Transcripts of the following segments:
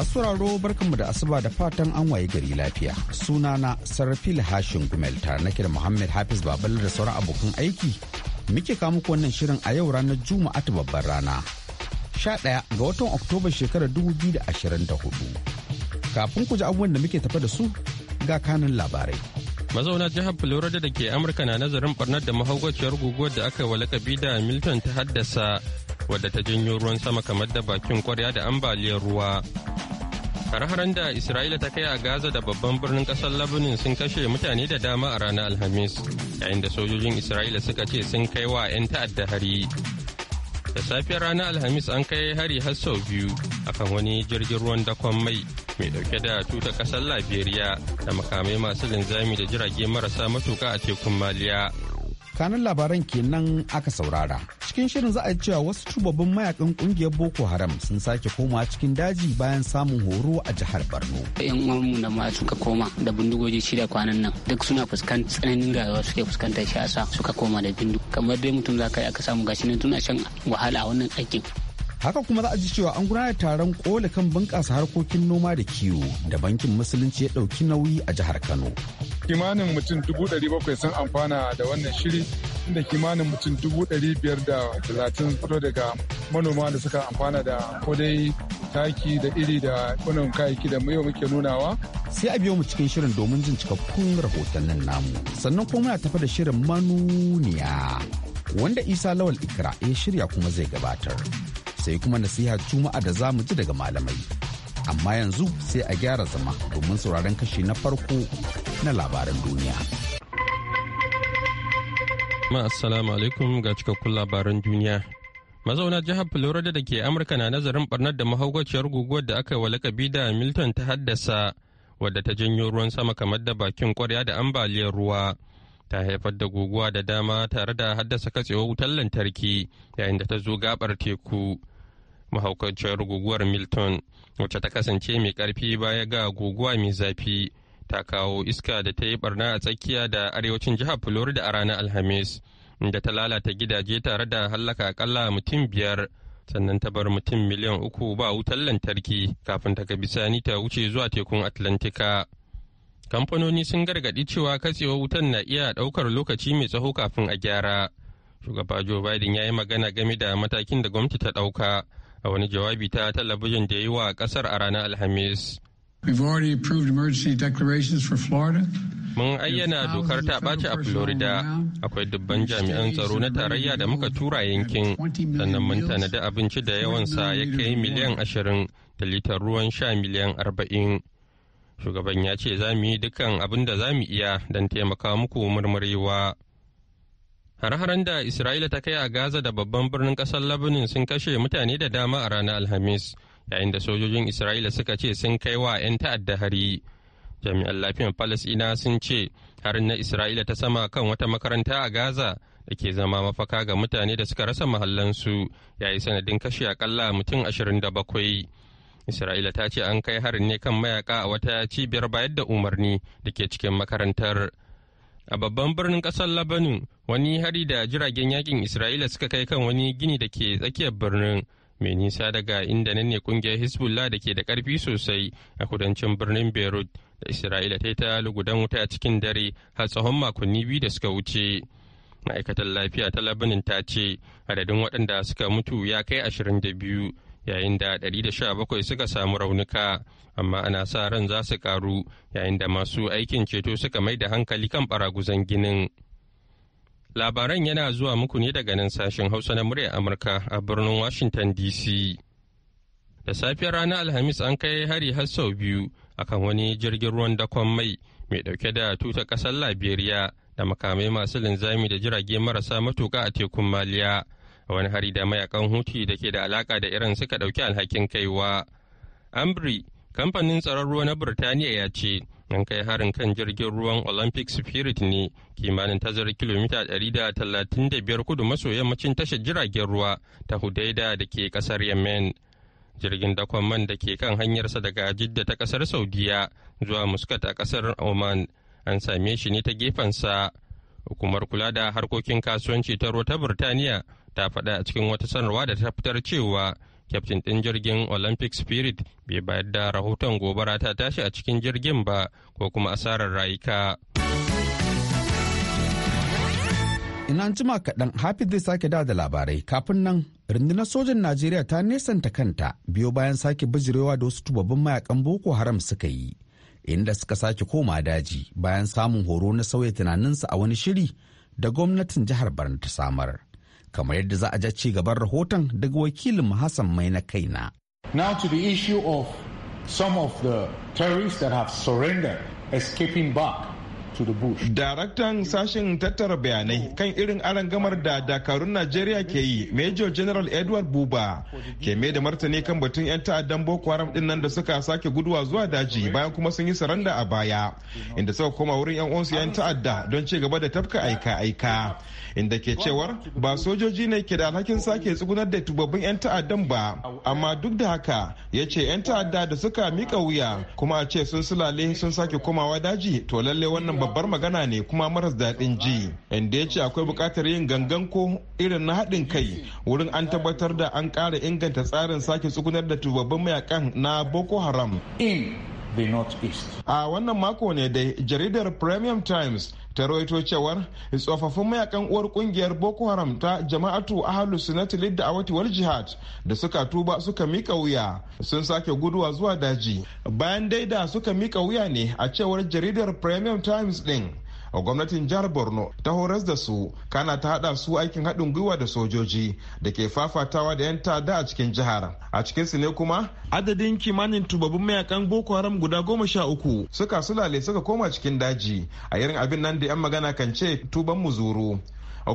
Masu sauraro barkanmu da asuba da fatan an waye gari lafiya. suna na sarrafil Hashin Gumel tare nake da muhammed Hafiz Babal da sauran abokan aiki. Muke kawo ku wannan shirin a yau ranar Juma'a ta babbar rana. 11 ga watan Oktoba shekarar 2024. Kafin ku ji abubuwan da muke tafa da su ga kanin labarai. Mazauna jihar Florida da ke Amurka na nazarin barnar da mahaukaciyar guguwar da aka yi kabi da Milton ta haddasa wadda ta janyo ruwan sama kamar da bakin kwarya da ambaliyar ruwa Har-haren da Isra'ila ta kai a Gaza da babban birnin kasar Labanin sun kashe mutane da dama a ranar Alhamis, yayin da sojojin Isra'ila suka ce sun kai wa 'yan ta'adda hari. Da safiyar ranar Alhamis an kai hari har sau biyu akan wani jirgin ruwan dakon mai mai dauke da tuta kasar Liberia da makamai masu linzami da jirage marasa matuka a tekun Maliya. kanan labaran kenan aka saurara cikin shirin za a cewa wasu tubabbin mayakan kungiyar boko haram sun sake koma cikin daji bayan samun horo a jihar borno yan uwanmu da ma suka koma da bindigogi shida kwanan nan duk suna fuskantar tsananin rayuwa suke fuskantar shi a suka koma da bindu kamar dai mutum za ka yi aka samu gashi ne tun a shan wahala a wannan aikin haka kuma za a ji cewa an gudanar taron kola kan bunƙasa harkokin noma da kiwo da bankin musulunci ya ɗauki nauyi a jihar kano kimanin mutum dubu dari bakwai sun amfana da wannan shiri inda kimanin mutum dubu dari biyar da talatin fito daga manoma da suka amfana da kodai taki da iri da wannan kayayyaki da yau muke nunawa sai a biyo mu cikin shirin domin jin cikakkun rahotannin namu sannan kuma muna tafi da shirin manuniya wanda isa lawal ikra ya shirya kuma zai gabatar sai kuma nasiha juma'a da za mu ji daga malamai amma yanzu sai a gyara zama domin sauraron kashi na farko na labaran duniya assalamu alaikum ga cikakkun labaran duniya mazauna jihar florida da ke amurka na nazarin barnar da mahaukaciyar guguwar da aka walakabi da milton ta haddasa wadda ta janyo ruwan sama kamar da bakin kwarya da ambaliyar ruwa ta haifar da guguwa da dama tare da haddasa katsewar wutar lantarki yayin da ta zo gabar teku mahaukaciyar guguwar milton wacce ta kasance mai karfi baya ga guguwa mai zafi ta kawo iska da ta yi barna a tsakiya da arewacin jihar florida a ranar alhamis inda ta lalata gidaje tare da hallaka akalla mutum biyar sannan ta bar mutum miliyan uku ba wutar lantarki kafin ta bisani ta wuce zuwa tekun atlantika kamfanoni sun gargaɗi cewa katsewar wutan na iya ɗaukar lokaci mai tsawo kafin a gyara shugaba joe biden ya yi magana game da matakin da gwamnati ta ɗauka a wani jawabi ta talabijin da ya yi wa kasar a ranar alhamis Mun ayyana dokar ta ɓaci a Florida, akwai dubban jami'an tsaro na tarayya da muka tura yankin, sannan mun tanadi abinci da yawansa ya kai miliyan ashirin da litar ruwan sha miliyan arba'in. Shugaban ya ce za mu yi dukkan abin da za mu iya don taimaka muku murmurewa. Har-haren da Isra'ila ta kai a Gaza da babban birnin ƙasar Labanin sun kashe mutane da dama a ranar Alhamis, yayin da sojojin Isra'ila suka ce sun kai wa 'yan ta'adda hari. Jami'an lafiyan Falasina sun ce harin na Isra'ila ta sama kan wata makaranta a Gaza da ke zama mafaka ga mutane da suka rasa mahallansu yayi sanadin kashe akalla mutum ashirin da bakwai. Isra'ila ta ce an kai harin ne kan mayaka a wata cibiyar bayar da umarni da ke cikin makarantar. a babban birnin kasar labanin wani hari da jiragen yakin isra'ila suka kai kan wani gini da ke tsakiyar birnin mai nisa daga inda nan ne kungiyar hezbollah da ke da karfi sosai a kudancin birnin beirut da isra'ila ta yi ta lugudan wuta a cikin dare har tsawon makonni biyu da suka wuce ma'aikatar lafiya ta labanin ta ce adadin waɗanda suka mutu ya kai ashirin da biyu yayin da 117 suka samu raunuka amma ana sa ran za su karu yayin da masu aikin ceto suka mai da hankali kan baraguzan ginin labaran yana zuwa muku ne daga nan sashen hausa na murya amurka a birnin washington dc da safiyar ranar alhamis an kai hari har sau biyu akan wani jirgin ruwan dakon mai mai dauke da tuta kasar liberia da makamai masu linzami da jirage marasa matuka a tekun maliya wani hari da mayakan huti da ke da alaka da iran suka ɗauki alhakin kaiwa ambri kamfanin tsaron ruwa na burtaniya ya ce an kai harin kan jirgin ruwan olympic spirit ne kimanin tazarar kilomita 135 kudu maso yammacin tashar jiragen ruwa ta hudaida da ke kasar yemen jirgin dakon man da ke kan hanyarsa daga jidda ta kasar saudiya zuwa muscat a kasar oman an same shi ne ta gefensa hukumar kula da harkokin kasuwanci ta ruwa ta burtaniya ta faɗa a cikin wata sanarwa da ta fitar cewa kyaftin ɗin jirgin olympic spirit bai bayar da rahoton gobara ta tashi a cikin jirgin ba ko kuma asarar rayuka ina jima kaɗan hafi zai sake da da labarai kafin nan rundunar sojan najeriya ta nesanta kanta biyo bayan sake bijirewa da wasu tubabbin mayakan boko haram suka yi inda suka sake koma daji bayan samun horo na sauya tunaninsa a wani shiri da gwamnatin jihar barna ta samar kamar yadda za a ja ci gaban rahoton daga wakilin Hassan mai na kaina. Now to the issue of some of the terrorists that have surrendered escaping back to the bush. Daraktan sashen tattara bayanai kan irin gamar da dakarun Najeriya ke yi Major General Edward Buba ke mai da martani kan batun 'yan ta'addan Boko Haram din nan da suka sake guduwa zuwa daji bayan kuma sun yi saranda a baya inda suka koma wurin 'yan uwansu 'yan ta'adda don ci gaba da tafka aika-aika inda ke cewar ba sojoji ne ke da alhakin sake tsugunar da tubabbin 'yan ta'addan ba amma duk da haka ya ce 'yan ta'adda da suka mika wuya kuma a ce sun sulale sun sake komawa daji to lalle wannan babbar magana ne kuma maras daɗin ji inda ya ce akwai buƙatar yin gangan ko irin na haɗin kai wurin an tabbatar da an ƙara inganta tsarin sake tsugunar da tubabbin mayakan na boko haram A wannan mako ne dai jaridar Premium Times ta rawaito cewar tsofaffin mayakan uwar kungiyar boko haram ta jama'atu ahalu sunati lidda a wal jihad da suka tuba suka mika wuya sun sake guduwa zuwa daji bayan daida suka mika wuya ne a cewar jaridar premium times din gwamnatin jihar borno ta horas da su kana ta hada su aikin haɗin gwiwa da sojoji da ke fafatawa da 'yan ta'adda a cikin jihar a cikin su ne kuma adadin kimanin tubabin mayakan boko haram guda goma sha uku suka sulale suka koma cikin daji a irin abin nan da 'yan magana kan ce tuban mu muzuru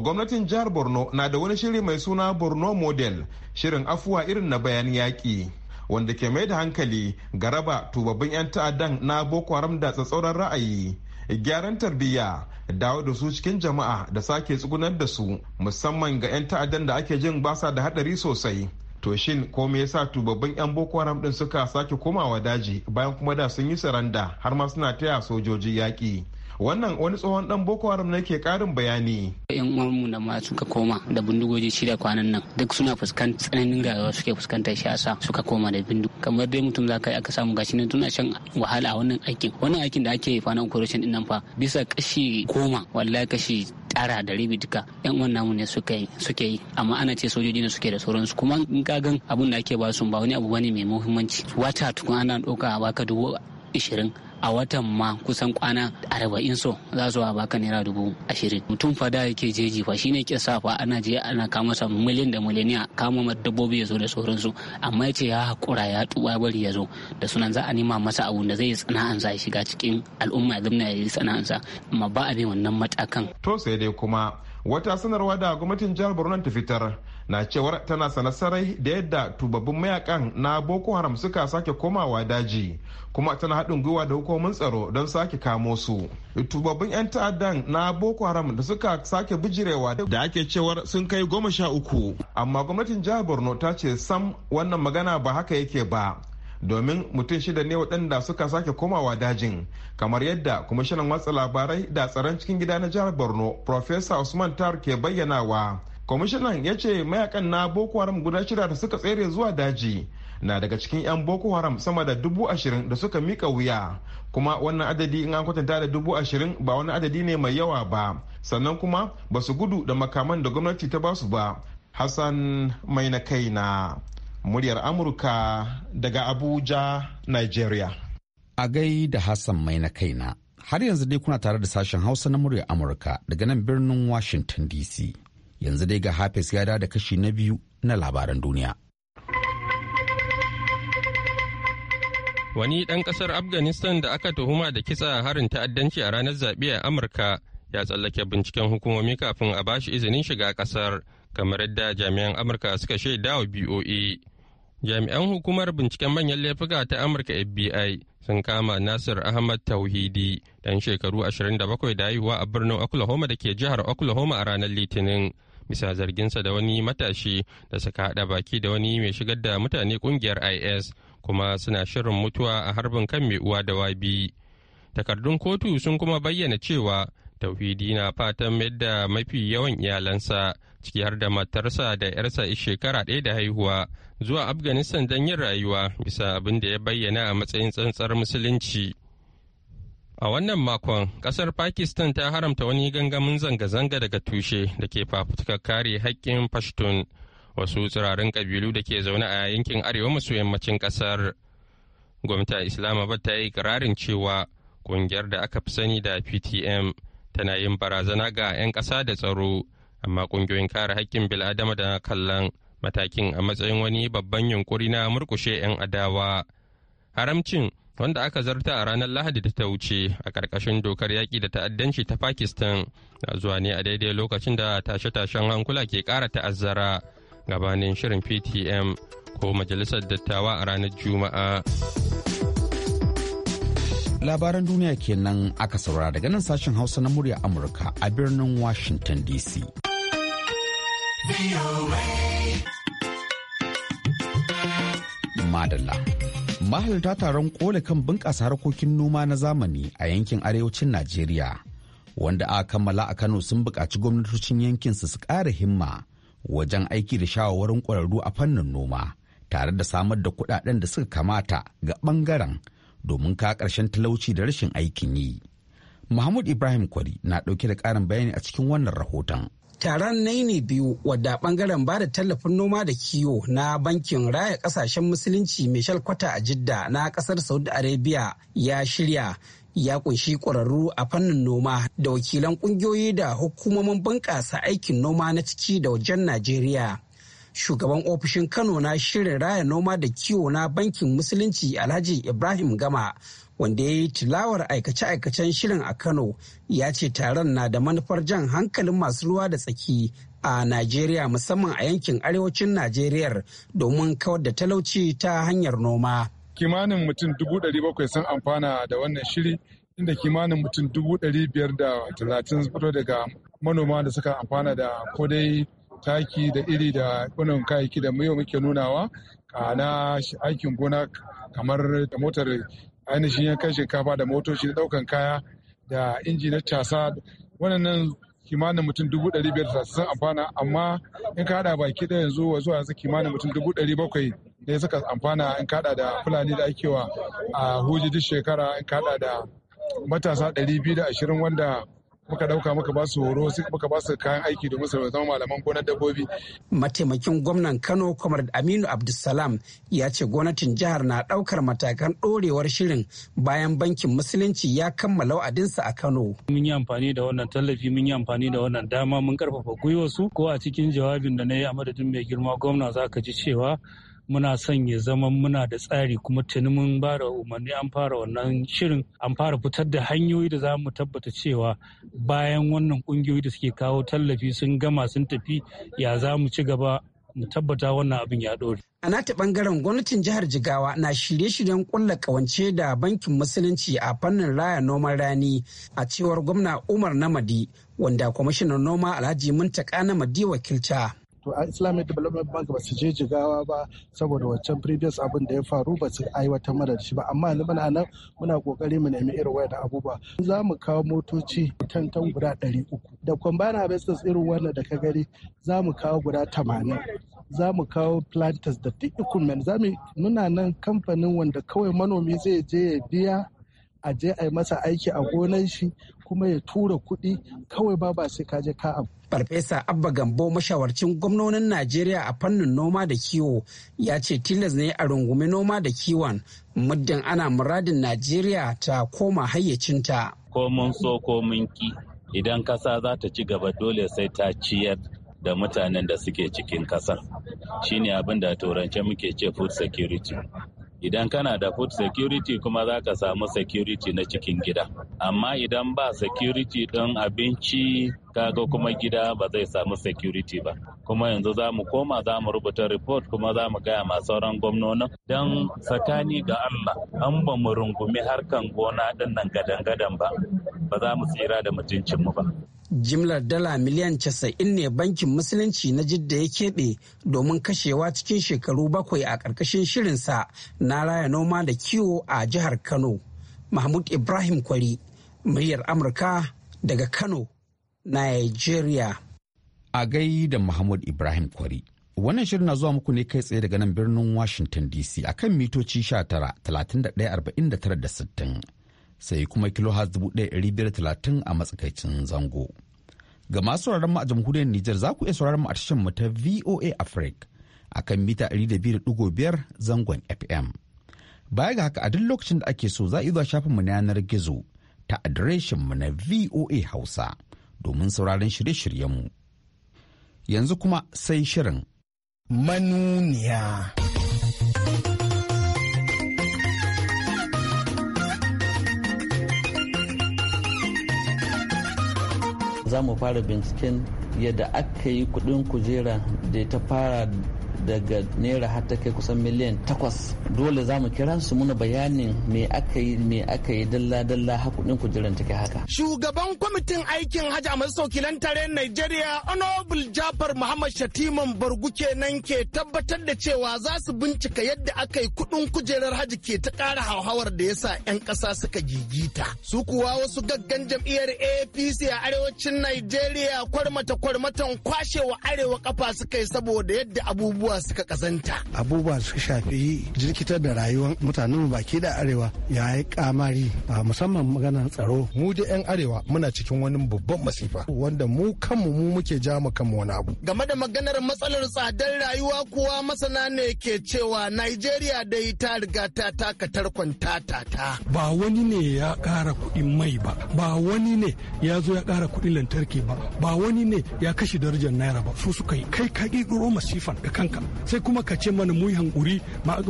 gwamnatin jihar borno na da wani shiri mai suna borno model shirin afuwa irin na bayan yaƙi wanda ke mai da hankali ga raba tubabbin 'yan ta'addan na boko haram da tsatsauran ra'ayi gyaran tarbiyya dawo da su cikin jama'a da sake tsugunar da su musamman ga 'yan ta'addan da ake jin basa da hadari sosai to shin ko me yasa tubabban 'yan boko haram din suka sake komawa daji bayan kuma da sun yi saranda har ma suna taya sojoji yaƙi wannan wani tsohon dan boko haram ne ke karin bayani yan uwanmu da ma suka koma da bindigoji shida kwanan nan duk suna fuskantar tsananin rayuwa suke fuskantar shi yasa suka koma da bindu kamar dai mutum zaka yi aka samu gashi ne tuna shan wahala a wannan aikin wannan aikin da ake fa na operation din nan fa bisa kashi koma wallahi kashi tara da ribi duka yan uwan namu ne suke yi amma ana ce sojoji ne suke da su kuma in ka gan abin da ake ba su ba wani abu bane mai muhimmanci wata tukun ana doka a baka dubu ishirin a watan ma kusan kwana arba'in so za su baka naira dubu ashirin mutum fada yake jeji fa shine ke fa ana je ana kama sa miliyan da ya kama ma dabbobi ya zo da sauransu amma ya ce ya hakura ya tuba bari ya zo da sunan za a nema masa abun da zai yi sana'ansa ya shiga cikin al'umma ya zamna ya yi sana'ansa amma ba a bi wannan matakan. to sai dai kuma wata sanarwa da gwamnatin jihar borno ta fitar na cewar tana sanasarai da yadda tubabbin mayakan na boko haram suka sake komawa daji kuma tana haɗin gwiwa da hukumomin tsaro don sake kamo su tubabbin 'yan ta'addan na boko haram da suka sake bijirewa da ake cewar sun kai goma sha uku amma gwamnatin jihar borno ta ce sam wannan magana ba haka yake ba domin mutum shida ne waɗanda suka sake komawa dajin kamar yadda kwamishinan watsa labarai da tsaron cikin gida na jihar borno professor usman tar ke bayyanawa kwamishinan ya ce mayakan na boko haram guda shida da suka tsere zuwa daji na daga cikin 'yan boko haram sama da dubu ashirin da suka mika wuya kuma wannan adadi in an kwatanta da dubu ashirin ba wani adadi ne mai yawa ba sannan kuma ba su gudu da makaman da gwamnati ta basu ba hassan mai na kai na muryar amurka daga abuja nigeria a gai da hassan mai na kaina har yanzu dai kuna tare da sashen hausa na muryar amurka daga nan birnin washington dc yanzu dai ga hafiz ya da kashi na biyu na labaran duniya wani ɗan ƙasar afghanistan da aka tuhuma da kitsa harin ta'addanci a ranar zaɓe a amurka ya tsallake binciken hukumomi kafin a bashi izinin shiga ƙasar kamar yadda jami'an amurka suka shaida wa boe Jami'an hukumar binciken manyan laifuka ta Amurka FBI sun kama Nasir Ahmad Tauhidi dan shekaru 27 da haihuwa a birnin Oklahoma da ke jihar Oklahoma a ranar Litinin. bisa zarginsa da wani matashi da suka haɗa baki da wani mai shigar da mutane ƙungiyar is kuma suna shirin mutuwa a harbin kan mai uwa da wabi takardun kotu sun kuma bayyana cewa tauhidi na fatan mayar da mafi yawan iyalansa ciki har da matarsa da yarsa shekara ɗaya da haihuwa zuwa afghanistan don yin rayuwa bisa abin da ya bayyana a matsayin tsantsar musulunci a wannan makon kasar pakistan ta haramta wani gangamin zanga-zanga daga tushe da ke fafutukar kare haƙƙin pashtun wasu tsirarin kabilu da ke zaune a yankin arewa maso yammacin ƙasar gwamnatin islamabad ta yi ƙirarin cewa ƙungiyar da aka fi sani da ptm tana yin barazana ga 'yan ƙasa da tsaro amma ƙungiyoyin kare haƙƙin bil'adama da kallon matakin a matsayin wani babban yunkuri na murkushe 'yan adawa haramcin wanda aka zarta a ranar lahadi da ta wuce a ƙarƙashin dokar yaƙi da ta'addanci ta pakistan na zuwa ne a daidai lokacin da tashe-tashen hankula ke ƙara ta'azzara gabanin shirin ptm ko majalisar dattawa a ranar juma'a labaran duniya kenan aka saura daga nan sashen hausa na murya amurka a birnin washington dc madalla mahalarta taron kole kan bunƙasa harkokin noma na zamani a yankin arewacin najeriya wanda aka kammala a kano sun buƙaci gwamnatocin yankin su su ƙara himma wajen aiki da shawarwarin ƙwararru a fannin noma tare da samar da kuɗaɗen da suka kamata ga ɓangaren domin ka ƙarshen talauci da rashin aikin yi. Mahmud Ibrahim Kwari na ɗauke da ƙarin bayani a cikin wannan rahoton. taron naini biyu wadda bangaren ba da tallafin noma da kiwo na bankin raya kasashen musulunci mai shalkwata a jidda na ƙasar saudi arabia ya shirya ya kunshi ƙwararru a fannin noma da wakilan ƙungiyoyi da hukumomin bunƙasa aikin noma na ciki da wajen najeriya shugaban ofishin kano na shirin raya noma da kiwo na bankin musulunci alhaji ibrahim gama wanda ya yi tilawar aikace-aikacen shirin a kano ya ce taron na da manufar jan hankalin masu ruwa da tsaki a najeriya musamman a yankin arewacin najeriya domin kawar da talauci ta hanyar noma kimanin mutum dubu bakwai sun amfana da wannan shiri inda kimanin mutum dubu biyar da talatin fito daga manoma da suka amfana da kodai taki da iri da kunan kayayyaki da yau muke nunawa kana aikin gona kamar da motar ainihin yankan shinkafa da motoci da daukan kaya da inji na casa wannan kimanin mutum dubu ɗari biyar da sun amfana amma in ka haɗa baki da yanzu wa zuwa yanzu kimanin mutum dubu ɗari bakwai ne suka amfana in ka haɗa da fulani da ake wa a huji duk shekara in ka haɗa da matasa ɗari biyu da ashirin wanda muka dauka muka ba su horo muka ba su kayan aiki domin su zama malaman gonar dabbobi. Mataimakin gwamnan Kano Kwamar Aminu Abdulsalam ya ce gwamnatin jihar na daukar matakan dorewar shirin bayan bankin musulunci ya kammala wa'adinsa a Kano. Mun yi amfani da wannan tallafi mun yi amfani da wannan dama mun karfafa gwiwa su ko a cikin jawabin da na yi a madadin mai girma gwamna za ka ji cewa muna son ya zama muna da tsari kuma tuni mun ba da umarni an fara wannan shirin an fara fitar da hanyoyi da za mu tabbata cewa bayan wannan kungiyoyi da suke kawo tallafi sun gama sun tafi ya za mu ci gaba mu tabbata wannan abin ya dore. A nata bangaren gwamnatin jihar Jigawa na shirye-shiryen kulla kawance da bankin musulunci a fannin raya noman rani a cewar gwamna Umar Namadi wanda kwamishinan noma Alhaji Muntaka Namadi wakilta. to a islamic development bank ba su je jigawa ba saboda wancan previous abin da ya faru ba su aiwatar mana da shi ba amma ni muna nan muna kokari mu nemi irin da abubuwa za mu kawo motoci tantan guda ɗari uku da combined harvesters irin wannan da ka gani za mu kawo guda tamanin za mu kawo planters da duk equipment za mu muna nan kamfanin wanda kawai manomi zai je ya biya a je a yi masa aiki a gonan shi kuma ya tura kuɗi kawai ba ba sai ka je ka abu. Farfesa Abba Gambo mashawarcin gwamnonin Najeriya a fannin noma da kiwo ya ce tilas ne a rungumi noma da kiwon muddin ana muradin Najeriya ta koma hayyacinta. Ko mun so ko mun ki idan kasa za ta ci gaba dole sai ta ciyar da mutanen da suke cikin kasar shine abin da turance muke ce food security idan kana da food security kuma za ka samu security na cikin gida amma idan ba security ɗin abinci kaga kuma gida ba zai samu security ba kuma yanzu za mu koma za mu rubuta report kuma za mu gaya masu sauran gwamnonin don tsakani ga allah an ba mu rungumi harkan gona ɗin nan gadan-gadan ba ba za mu tsira da mutuncinmu ba jimlar dala miliyan 90 ne bankin musulunci na jidda ya keɓe domin kashewa cikin shekaru bakwai a ƙarƙashin shirinsa na raya noma da kiwo a jihar kano mahmud ibrahim kwari muryar amurka daga kano nigeria a gai da mahmud ibrahim kwari wannan shirin na zuwa muku ne kai tsaye daga nan birnin washington dc akan mitoci 19 31 da sittin sai kuma biyar 1530 a matsakaicin zango. Ga masu sauraron mu a jamhuriyar Nijar za ku iya sauraron mu a tashar mu ta VOA Africa a kan mita 102.5 zangon FM. Baya ga haka a duk lokacin da ake so za a zuwa shafin mu na yanar gizo ta adireshin mu na VOA Hausa domin sauraron shirye-shiryen mu. Yanzu kuma sai shirin manuniya. za mu fara binciken yadda aka yi kudin kujera da ta fara daga naira har ta kai kusan miliyan takwas dole za mu kira su muna bayanin me aka yi me aka yi dalla dalla hakudin kujeran take haka shugaban kwamitin aikin hajji a masaukilan tare Najeriya honorable Jafar Muhammad Shatiman Bargu kenan ke tabbatar da cewa za su bincika yadda aka yi kudin kujerar hajji ke ta kara hauhawar da yasa 'yan ƙasa suka gigita su kuwa wasu gaggan jam'iyyar APC a arewacin Najeriya kwarmata kwarmatan kwashewa arewa kafa suka yi saboda yadda abubuwa abubuwa suka kazanta abubuwa suka shafi jirkitar da rayuwar mutanen baki da arewa ya yi kamari a musamman maganar tsaro mu da yan arewa muna cikin wani babban masifa wanda mu kanmu mu muke ja mu kanmu wani abu game da maganar matsalar tsadar rayuwa kuwa masana ne ke cewa Najeriya dai ta riga ta taka tarkon ta ba wani ne ya kara kuɗin mai ba ba wani ne ya zo ya kara kuɗin lantarki ba ba wani ne ya kashe darajar naira ba su suka yi kai ka ƙirƙiro masifan da kanka sai kuma ka ce mana mu hankuri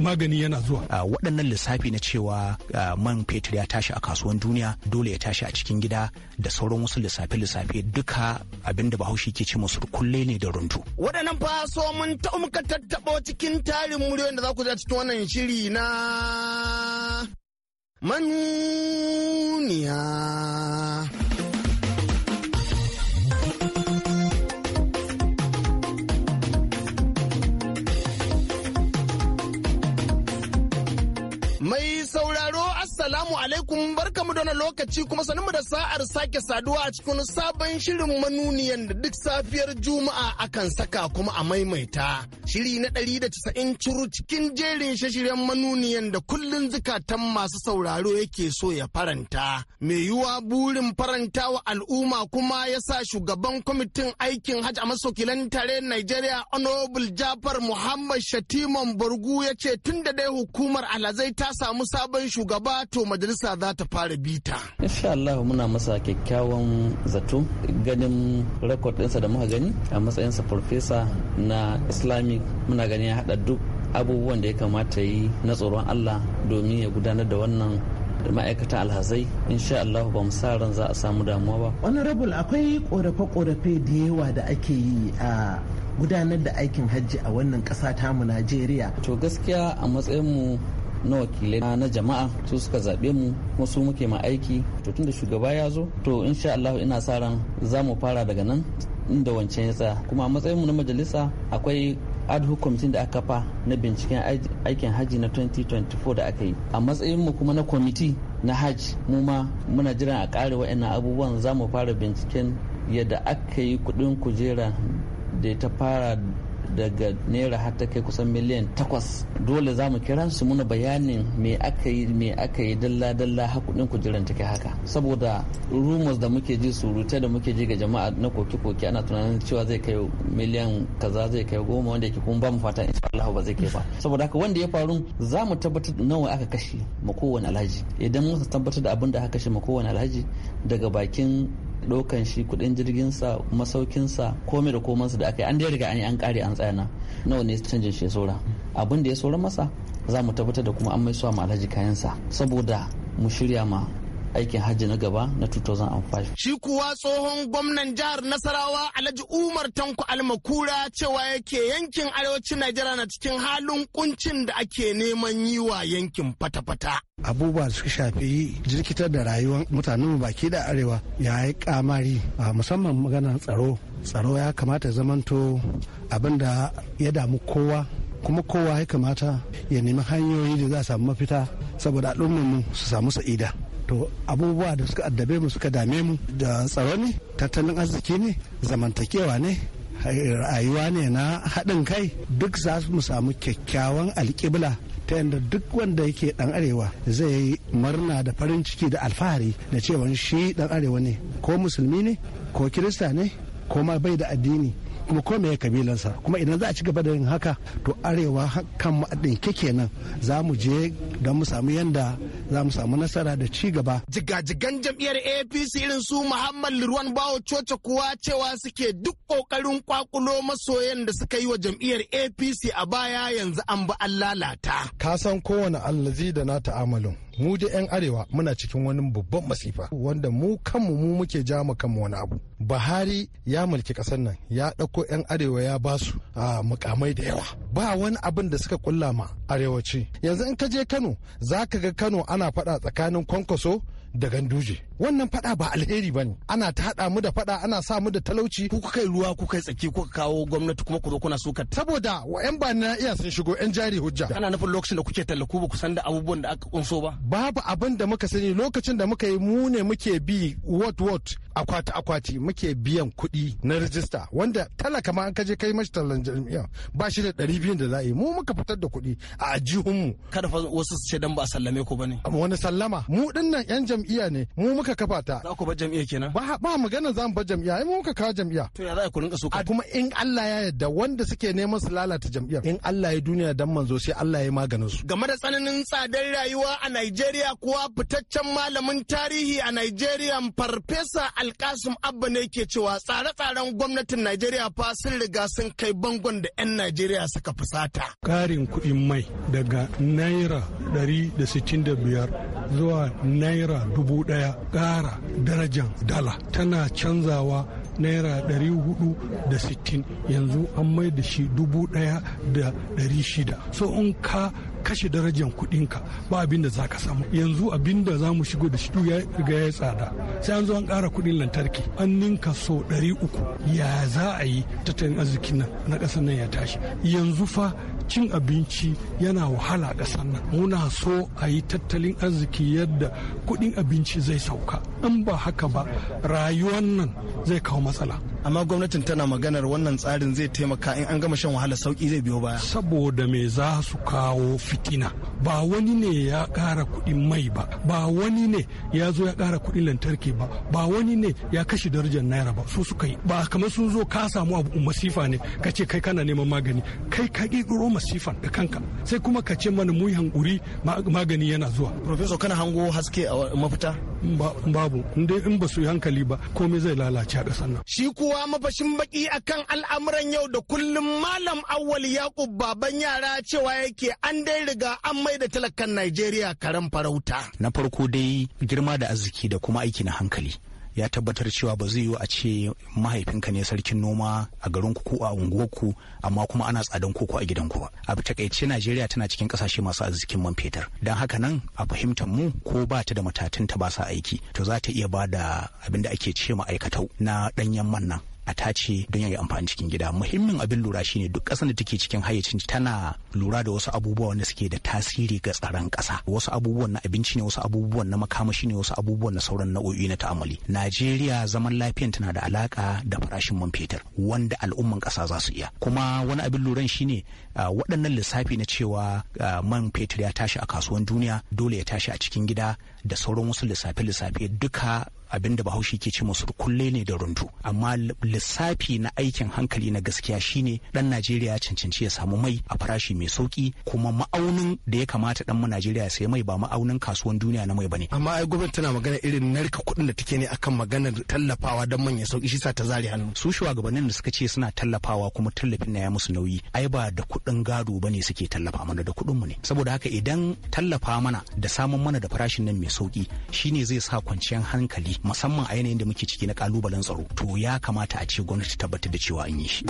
magani yana zuwa waɗannan lissafi na cewa man fetur ya tashi a kasuwan duniya dole ya tashi a cikin gida da sauran wasu lissafe lissafe duka abinda bahaushe ke ce musu kulle ne da runtu waɗannan fa so mun taɓa muka tattaɓo cikin tarin muryoyin da za ku zaci cikin wannan shiri na manuniya alaikum barkamu da wannan lokaci kuma sanin mu da sa'ar sake saduwa a cikin sabon shirin manuniyan da duk safiyar Juma'a akan saka kuma a maimaita. Shiri na ɗari da casa'in curu cikin jerin shashiryan manuniyan da kullun zukatan masu sauraro yake so ya faranta. Mai yiwuwa burin faranta wa al'umma kuma ya sa shugaban kwamitin aikin hajj a maso tare Nigeria Honorable Jafar Muhammad Shatiman Borgu ya ce tun da dai hukumar alhazai ta samu sabon shugaba to majalisa za ta fara bita. Insha Allah muna masa kyakkyawan zato ganin rekod ɗinsa da muka gani a matsayinsa farfesa na Islamic muna gani ya haɗa duk abubuwan da ya kamata yi na tsoron Allah domin ya gudanar da wannan ma'aikata alhazai insha Allah ba sa ran za a samu damuwa ba. Wani rabul akwai ƙorafe korafe da yawa da ake yi a gudanar da aikin hajji a wannan ƙasa tamu Najeriya. To gaskiya a matsayin mu na wakilai na jama'a su suka zaɓe mu kuma su muke ma aiki to tunda shugaba ya zo to insha Allah ina sa ran za mu fara daga nan inda wancan ya tsaya kuma a matsayin mu na majalisa akwai ad hoc committee da aka fa na binciken aikin haji na 2024 da aka yi a matsayin mu kuma na committee na haji mu ma muna jiran a ƙare waɗannan abubuwan za mu fara binciken yadda aka yi kuɗin kujera da ta fara daga naira har ta kai kusan miliyan takwas dole za mu kira su muna bayanin me aka yi me aka yi dalla dalla hakudin kujeran take haka saboda rumors da muke ji surutai da muke ji ga jama'a na koki koki ana tunanin cewa zai kai miliyan kaza zai kai goma wanda yake kuma ba mu fata insha Allah ba zai kai ba saboda haka wanda ya faru za mu tabbatar nawa aka kashe ma kowane alhaji idan mun tabbatar da abin da aka kashe ma kowane alhaji daga bakin ɗaukan shi kuɗin jirginsa masaukinsa komai da komansa da aka yi an dai riga an yi an kare an tsayana nawa ne canjin shi ya saura abin da ya saura masa za mu tabbatar da kuma an mai suwa ma alhaji sa saboda mu shirya ma aikin hajji na gaba na 2005. Shi kuwa tsohon gwamnan jihar Nasarawa Alhaji Umar Tanko Almakura cewa yake yankin arewacin Najeriya na cikin halin kuncin da ake neman yi wa yankin fata-fata. abubuwa da suka shafi jirkitar da rayuwar mutanen baki da arewa ya yi kamari musamman maganar tsaro tsaro ya kamata zamanto abin da ya damu kowa kuma kowa ya kamata ya nemi hanyoyi da za a samu mafita saboda mu su samu sa'ida to abubuwa da suka addabe mu suka dame mu da tsaro ne tattalin arziki ne zamantakewa ne rayuwa ne na haɗin kai duk za mu samu kyakkyawan alƙibla ta yadda duk wanda yake dan arewa zai yi murna da farin ciki da alfahari da cewa shi dan arewa ne ko musulmi ne ko kirista ne ko ma bai da addini kuma ko meye kabilansa kuma idan za a ci gaba da yin haka to arewa kan ɗinke kenan za mu je don mu samu yanda za mu samu nasara da ci gaba. jigajigan jam'iyyar apc irin su muhammad lirwan bawo coci kuwa cewa suke duk ƙoƙarin kwakulo masoyan da suka yi wa jam'iyyar apc a baya yanzu an ba an lalata. ka san kowane allazi da na ta'amalin mu da 'yan arewa muna cikin wani babban masifa wanda mu kanmu mu muke ja mu kanmu wani abu buhari ya mulki kasar nan ya ɗauko 'yan arewa ya basu su a mukamai da yawa ba wani abin da suka kulla ma arewaci yanzu in ka je kano za ka ga kano ana faɗa tsakanin kwankwaso da ganduje wannan fada ba alheri bane ana ta hada mu da fada ana sa mu da talauci ku kuka kai ruwa ku kai tsaki ku kawo gwamnati kuma ku zo kuna suka saboda wa ba na iya sun shigo yan jari hujja ana nufin lokacin da kuke tallaku ba ku san da abubuwan da aka kunso ba babu abin da muka sani lokacin da muka yi mu ne muke bi what what akwati akwati muke biyan kuɗi na rijista wanda talaka ma an kaje kai mashi tallan jami'a ba shi da ɗari biyun da za a yi mu muka fitar da kuɗi a ajihunmu kada fa wasu su ce dan ba a sallame ku bane wani sallama mu dinnan yan jam'iyya ne mu muka kafa ta za ku bar jam'iyya kenan ba ba magana za mu bar jam'iyya in muka kawo jam'iyya to ya za ku rinka suka kuma in Allah ya yarda wanda suke neman su lalata jam'iyyar in Allah ya duniya dan manzo sai Allah ya maganin su game da tsananin tsadar rayuwa a nigeria kuwa fitaccen malamin tarihi a Nigeria farfesa Alkasim Abba ne ke cewa tsare-tsaren gwamnatin nigeria fa sun riga sun kai bangon da 'yan nigeria suka fusata karin kuɗin mai daga naira 165 zuwa naira dubu ɗaya kara darajan dala tana canzawa naira 460 yanzu an mai da shi dubu da 1,600 so in ka kashe darajar kuɗinka ba abin da za ka samu yanzu abin da za mu shigo da shi ya riga ya tsada sai an zo an kara kuɗin lantarki an ninka so ɗari uku ya za a yi tattalin arzikin nan na ƙasar nan ya tashi yanzu fa cin abinci yana wahala ƙasar nan muna so a yi tattalin arziki yadda kuɗin abinci zai sauka in ba haka ba rayuwan nan zai kawo matsala amma gwamnatin tana maganar wannan tsarin zai taimaka in an gama shan wahala sauki zai biyo baya saboda me za su kawo fitina ba wani ne ya kara kuɗin mai ba ba wani ne ya zo ya kara kuɗin lantarki ba ba wani ne ya kashe darajar naira ba su suka yi ba kamar sun zo ka samu abu masifa ne ka ce kai kana neman magani kai ka ƙirƙiro masifan da kanka sai kuma ka ce mana mu hankuri magani yana zuwa professor kana hango haske a mafita babu in ba su yi hankali ba komai zai lalace a ƙasar nan shi kuwa ruwa mafashin baki akan al'amuran yau da kullum malam awwal yaƙub baban yara cewa yake an dai riga an mai da talakan najeriya karen farauta na farko dai girma da arziki da kuma aiki na hankali ya tabbatar cewa ba zai yi a ce mahaifinka ne sarkin noma a garin ku ko a unguwarku amma kuma ana tsadan koko a gidanku ba a takaice najeriya tana cikin kasashe masu arzikin man fetur don haka nan a fahimtar mu ko ba ta da matatun ta ba sa aiki to za ta iya ba da abin da ake ce ma'aikatau na danyen man nan a tace don ya yi amfani cikin gida muhimmin abin lura shine duk ƙasar da take cikin hayyacin tana lura da wasu abubuwa wanda suke da tasiri ga tsaron ƙasa wasu abubuwan na abinci ne wasu abubuwan na makamashi ne wasu abubuwan na sauran nau'o'i na ta'amali najeriya zaman lafiyan tana da alaka da farashin man fetur wanda al'umman ƙasa za su iya kuma wani abin luran shine waɗannan lissafi na cewa man fetur ya tashi a kasuwan duniya dole ya tashi a cikin gida da sauran wasu lissafe-lissafe duka Abin da bahaushe ke ce masu kulle ne da rundu amma lissafi na aikin hankali na gaskiya shine dan najeriya ya cancanci ya samu mai a farashi mai sauki kuma ma'aunin da ya kamata dan mu najeriya sai mai ba ma'aunin kasuwan duniya na mai bane amma ai gwamnati tana magana irin narka kuɗin da take ne akan maganar tallafawa dan manya sauki shi sa ta zare hannu su shugabannin da suka ce suna tallafawa kuma tallafin na ya musu nauyi ai ba da kuɗin gado bane suke tallafa mana da kuɗin mu ne saboda haka idan tallafa mana da samun mana da farashin nan mai sauki shine zai sa kwanciyar hankali musamman a yanayin da muke ciki na kalubalen tsaro to ya kamata a ce gwamnati ta tabbatar da cewa an yi shi.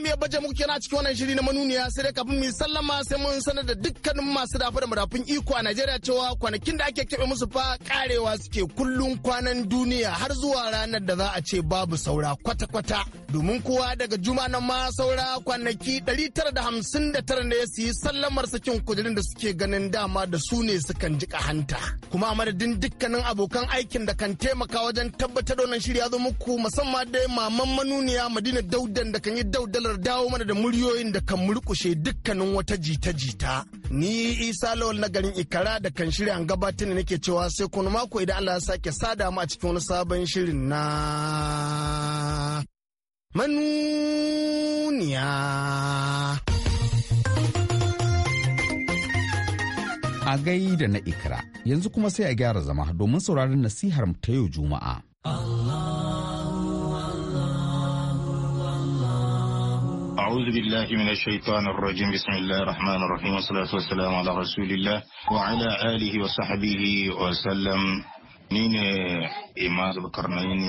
mu ya baje muku kenan cikin wannan shiri na manuniya sai dai kafin mu sallama sai mun sanar da dukkanin masu dafa da murafin iko a Najeriya cewa kwanakin da ake kebe musu fa karewa suke kullun kwanan duniya har zuwa ranar da za a ce babu saura kwata-kwata domin kowa daga juma na ma saura kwanaki 959 ne su yi sallamar sakin kujerun da suke ganin dama da su ne kan jika hanta kuma a madadin dukkanin abokan aikin da kan taimaka wajen tabbatar da wannan ya zo muku musamman dai maman manuniya madina daudan da kan yi daudalar nasarar dawo mana da muryoyin da kan murkushe dukkanin wata jita-jita. Ni Isa Lawal na garin Ikara da kan shirya an gabatar da nake cewa sai kun mako idan Allah ya sake sada mu a cikin wani sabon shirin na manuniya. A gai da na Ikra yanzu kuma sai a gyara zama domin sauraron nasihar ta yau Juma'a. Allah. أعوذ بالله من الشيطان الرجيم بسم الله الرحمن الرحيم والصلاة والسلام على رسول الله وعلى آله وصحبه وسلم نين إمام القرنين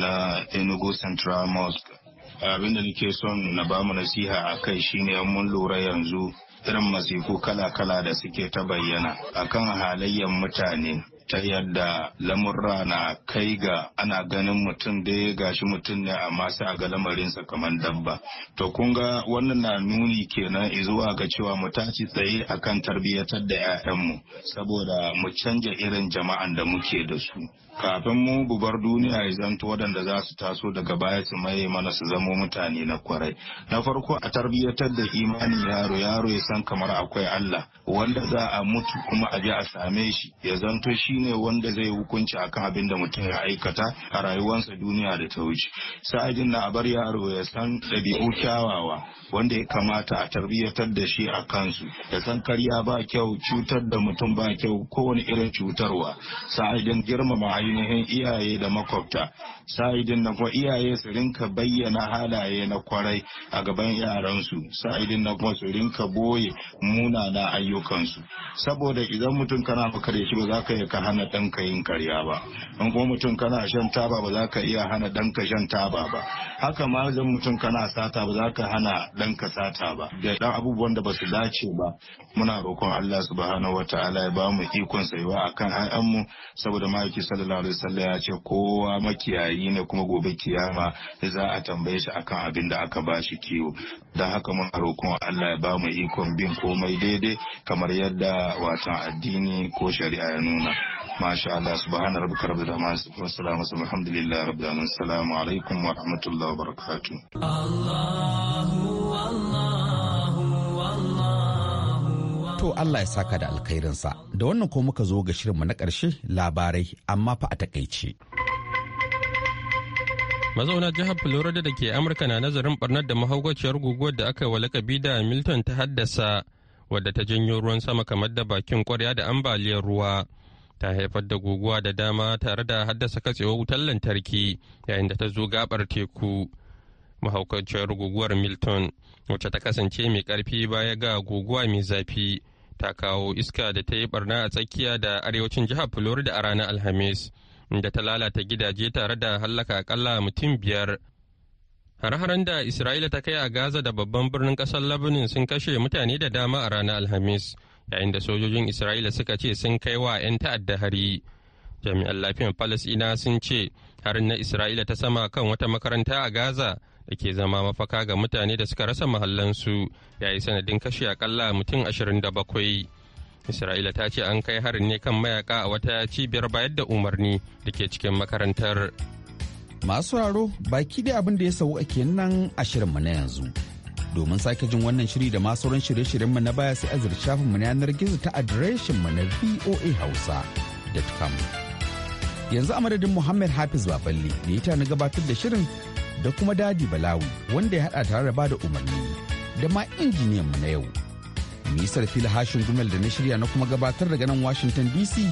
نا إنوغو سنترا موسك أبنى الكيسون نبام نسيها عكي شيني لورا ينزو إرم مسيكو كلا كلا دسكي تبينا أكان حاليا متانين ta yadda lamurra na kai ga ana ganin mutum dai gashi mutum ne amma sai a ga lamarinsa kamar dabba to kun ga wannan na nuni kenan izuwa ga cewa mu tashi tsaye a kan tarbiyyatar da 'ya'yanmu saboda mu canja irin jama'an da muke da su kafin mu gubar duniya ya zanto waɗanda za su taso daga baya su maye mana su zamo mutane na kwarai na farko a tarbiyyatar da imanin yaro yaro ya san kamar akwai Allah wanda za a mutu kuma a je a same shi ya zanto shi shi ne wanda zai hukunci akan abin da mutum ya aikata a rayuwarsa duniya da ta wuce sa'adin na bar yaro ya san ɗabi'u kyawawa wanda ya kamata a tarbiyyatar da shi a kansu ya san karya ba kyau cutar da mutum ba kyau kowane irin cutarwa sa'adin girmama ainihin iyaye da makwabta sa'adin na kuma iyaye su rinka bayyana halaye na kwarai a gaban yaransu sa'adin na kuma su rinka boye munana ayyukansu saboda idan mutum kana maka da shi ba za ka yi ka hana ɗanka yin karya ba in kuma mutum kana shan taba ba za ka iya hana ɗanka shan taba ba haka ma zan mutum kana sata ba za ka hana ɗanka sata ba da ɗan abubuwan da ba su dace ba muna roƙon Allah subhanahu wataala ya ba mu ikon tsayuwa akan ƴaƴanmu saboda ma'aiki sallallahu alaihi wasallam ya ce kowa makiyayi ne kuma gobe kiyama za a tambaye shi akan abin da aka ba shi kiwo don haka muna roƙon Allah ya ba mu ikon bin komai daidai kamar yadda watan addini ko shari'a ya nuna. masha Allah سبحان ربك رب العالمين سبحان salamun alhamdulillahi لله رب العالمين السلام عليكم rahmatullahi الله وبركاته الله Allahu Allahu to Allah ya saka da alkhairinsa da wannan ko muka zo ga shirinmu na ƙarshe labarai amma fa a takaice mazauna jihar florida da ke amurka na nazarin barnar da mahaukaciyar guguwar da aka yi wa lakabi da milton ta haddasa wadda ta janyo ruwan sama kamar da bakin kwarya da ambaliyar ruwa ta haifar da guguwa da dama tare da haddasa katsewar wutar lantarki yayin da ta zo gabar teku mahaukaciyar guguwar milton wacce ta kasance mai karfi baya ga guguwa mai zafi ta kawo iska da ta yi barna a tsakiya da arewacin jihar florida a ranar alhamis inda ta lalata gidaje tare da hallaka akalla mutum biyar har-haren da isra'ila ta kai a gaza da babban birnin kasar labanin sun kashe mutane da dama a ranar alhamis yayin da sojojin isra'ila suka ce sun kai wa 'yan ta'adda hari jami'an lafiyan falasina sun ce harin na isra'ila ta sama kan wata makaranta a gaza da ke zama mafaka ga mutane da suka rasa mahallansu yayi sanadin kashe akalla mutum 27 isra'ila ta ce an kai harin ne kan mayaka a wata cibiyar bayar da umarni da ke cikin makarantar masu raro baki da abin da ya sauka kenan a shirinmu na yanzu Domin sake jin wannan shiri da ma sauran shirye-shiryenmu na baya sai azir shafinmu na yanar gizo ta adireshinmu na voa voahausa.com. Yanzu a madadin Muhammad Hafiz Baballe da ya ta na gabatar da shirin da kuma Dadi Balawi wanda ya haɗa tare da bada umarni da ma injiniyanmu na yau. Nisar fil hashin gumel da na shirya na kuma gabatar daga nan Washington DC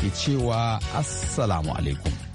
ke cewa Assalamu alaikum.